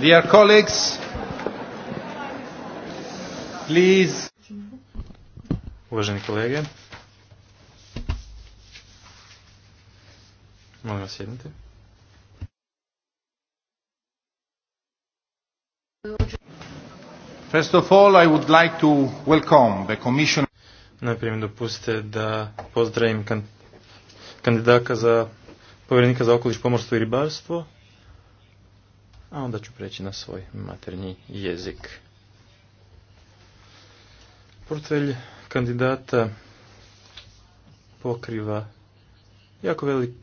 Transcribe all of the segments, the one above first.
Dear colleagues, please. Uvaženi kolege, molim vas sjednite. First of all, I would like to welcome the commission. Najprije mi dopustite da pozdravim kandidaka za povjerenika za okoliš, pomorstvo i ribarstvo, a onda ću preći na svoj maternji jezik. Portfelj kandidata pokriva jako velik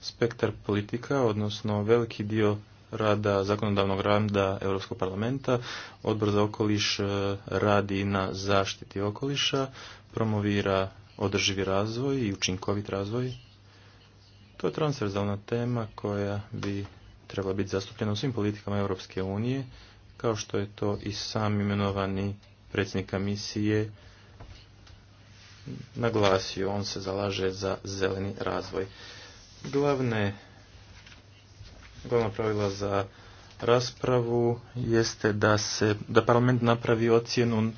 spektar politika, odnosno veliki dio rada, zakonodavnog rada Europskog parlamenta. Odbor za okoliš e, radi na zaštiti okoliša, promovira održivi razvoj i učinkovit razvoj. To je transverzalna tema koja bi trebala biti zastupljena u svim politikama Europske unije, kao što je to i sam imenovani predsjednik komisije naglasio. On se zalaže za zeleni razvoj. Glavne, glavna pravila za raspravu jeste da se da parlament napravi ocjenu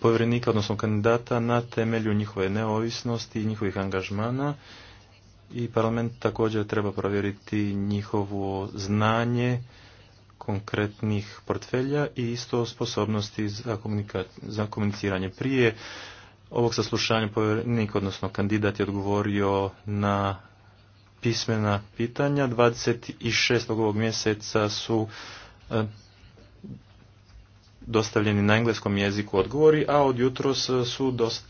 povjerenika, odnosno kandidata na temelju njihove neovisnosti i njihovih angažmana i parlament također treba provjeriti njihovo znanje konkretnih portfelja i isto sposobnosti za, komuniciranje. Prije ovog saslušanja povjerenik, odnosno kandidat je odgovorio na pismena pitanja. 26. ovog mjeseca su eh, dostavljeni na engleskom jeziku odgovori, a od jutros su dost,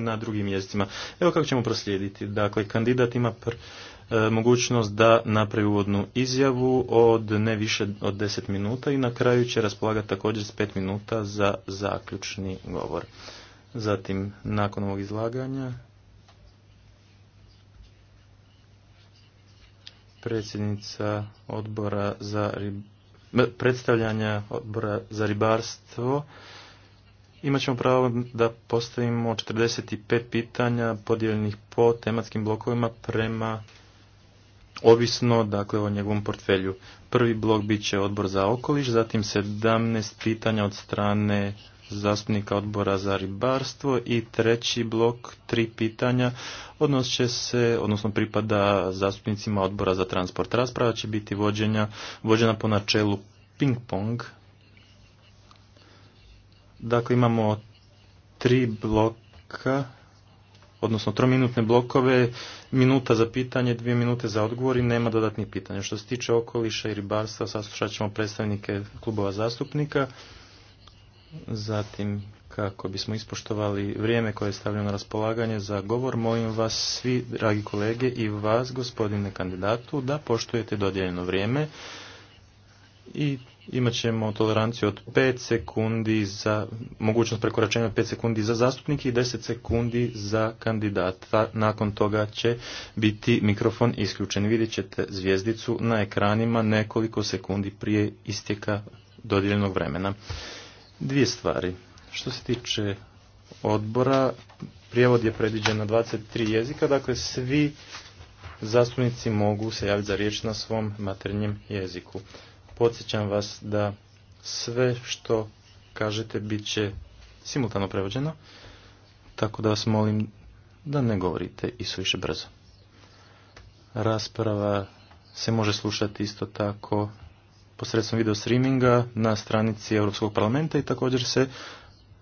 na drugim mjestima Evo kako ćemo proslijediti. Dakle, kandidat ima e, mogućnost da napravi uvodnu izjavu od ne više od 10 minuta i na kraju će raspolagati također s 5 minuta za zaključni govor. Zatim, nakon ovog izlaganja, predsjednica odbora za predstavljanja odbora za ribarstvo Imat ćemo pravo da postavimo 45 pitanja podijeljenih po tematskim blokovima prema ovisno dakle o njegovom portfelju. Prvi blok bit će odbor za okoliš, zatim 17 pitanja od strane zastupnika odbora za ribarstvo i treći blok, tri pitanja, odnos će se, odnosno pripada zastupnicima odbora za transport. Rasprava će biti vođenja, vođena po načelu ping-pong, Dakle, imamo tri bloka, odnosno trominutne blokove, minuta za pitanje, dvije minute za odgovor i nema dodatnih pitanja. Što se tiče okoliša i ribarstva, saslušat ćemo predstavnike klubova zastupnika, zatim kako bismo ispoštovali vrijeme koje je stavljeno na raspolaganje za govor, molim vas svi, dragi kolege, i vas, gospodine kandidatu, da poštujete dodijeljeno vrijeme i imat ćemo toleranciju od 5 sekundi za mogućnost prekoračenja od 5 sekundi za zastupnike i 10 sekundi za kandidata. Nakon toga će biti mikrofon isključen. Vidjet ćete zvijezdicu na ekranima nekoliko sekundi prije istjeka dodijeljenog vremena. Dvije stvari. Što se tiče odbora, prijevod je predviđen na 23 jezika, dakle svi zastupnici mogu se javiti za riječ na svom maternjem jeziku. Podsjećam vas da sve što kažete bit će simultano prevođeno, tako da vas molim da ne govorite i suviše brzo. Rasprava se može slušati isto tako posredstvom video streaminga na stranici Europskog parlamenta i također se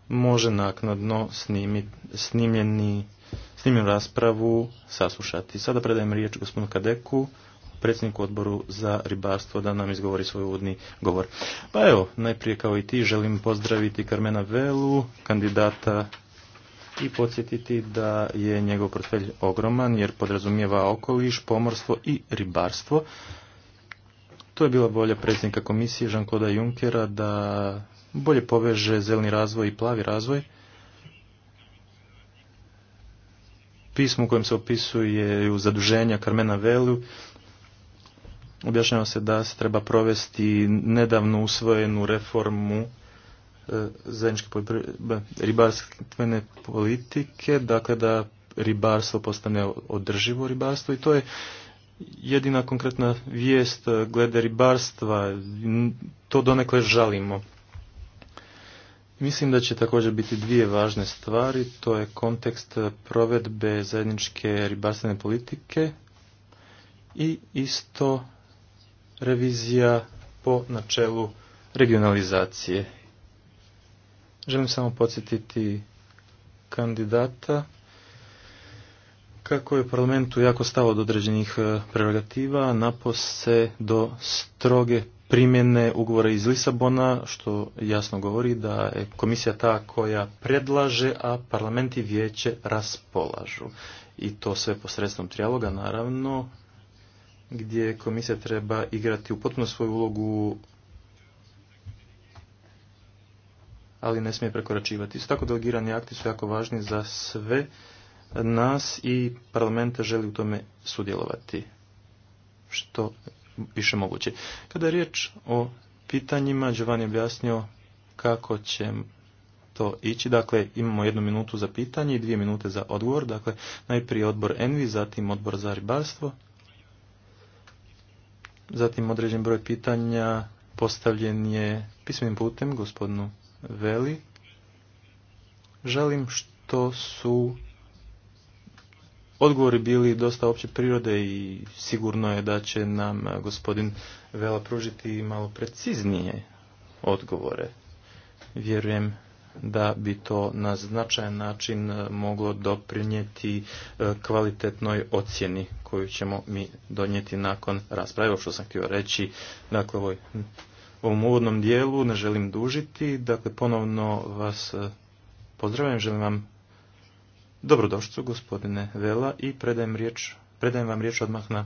može naknadno snimljeni, snimljenu raspravu saslušati. Sada predajem riječ gospodinu Kadeku predsjedniku odboru za ribarstvo da nam izgovori svoj uvodni govor. Pa evo, najprije kao i ti želim pozdraviti Karmena Velu, kandidata i podsjetiti da je njegov portfelj ogroman jer podrazumijeva okoliš, pomorstvo i ribarstvo. To je bila bolja predsjednika komisije Jean-Claude Junckera da bolje poveže zeleni razvoj i plavi razvoj. Pismo u kojem se opisuje zaduženja Carmena Velu objašnjava se da se treba provesti nedavno usvojenu reformu e, zajedničke ribarstvene politike, dakle da ribarstvo postane održivo ribarstvo i to je jedina konkretna vijest glede ribarstva, to donekle žalimo. Mislim da će također biti dvije važne stvari, to je kontekst provedbe zajedničke ribarstvene politike i isto revizija po načelu regionalizacije. Želim samo podsjetiti kandidata kako je parlamentu jako stalo od određenih e, prerogativa, napose do stroge primjene ugovora iz Lisabona, što jasno govori da je komisija ta koja predlaže, a parlament i vijeće raspolažu. I to sve posredstvom trijaloga, naravno, gdje komisija treba igrati u potpuno svoju ulogu ali ne smije prekoračivati. Isto tako delegirani akti su jako važni za sve nas i parlamenta želi u tome sudjelovati što više moguće. Kada je riječ o pitanjima, Giovanni je objasnio kako će to ići. Dakle, imamo jednu minutu za pitanje i dvije minute za odgovor. Dakle, najprije odbor Envi, zatim odbor za ribarstvo, Zatim određen broj pitanja postavljen je pismenim putem gospodinu Veli. Želim što su odgovori bili dosta opće prirode i sigurno je da će nam gospodin Vela pružiti malo preciznije odgovore. Vjerujem da bi to na značajan način e, moglo doprinijeti e, kvalitetnoj ocjeni koju ćemo mi donijeti nakon rasprave. Ovo što sam htio reći, dakle, ovoj, ovom uvodnom dijelu ne želim dužiti, dakle, ponovno vas e, pozdravljam, želim vam dobrodošću, gospodine Vela, i predajem, riječ, predajem vam riječ odmah na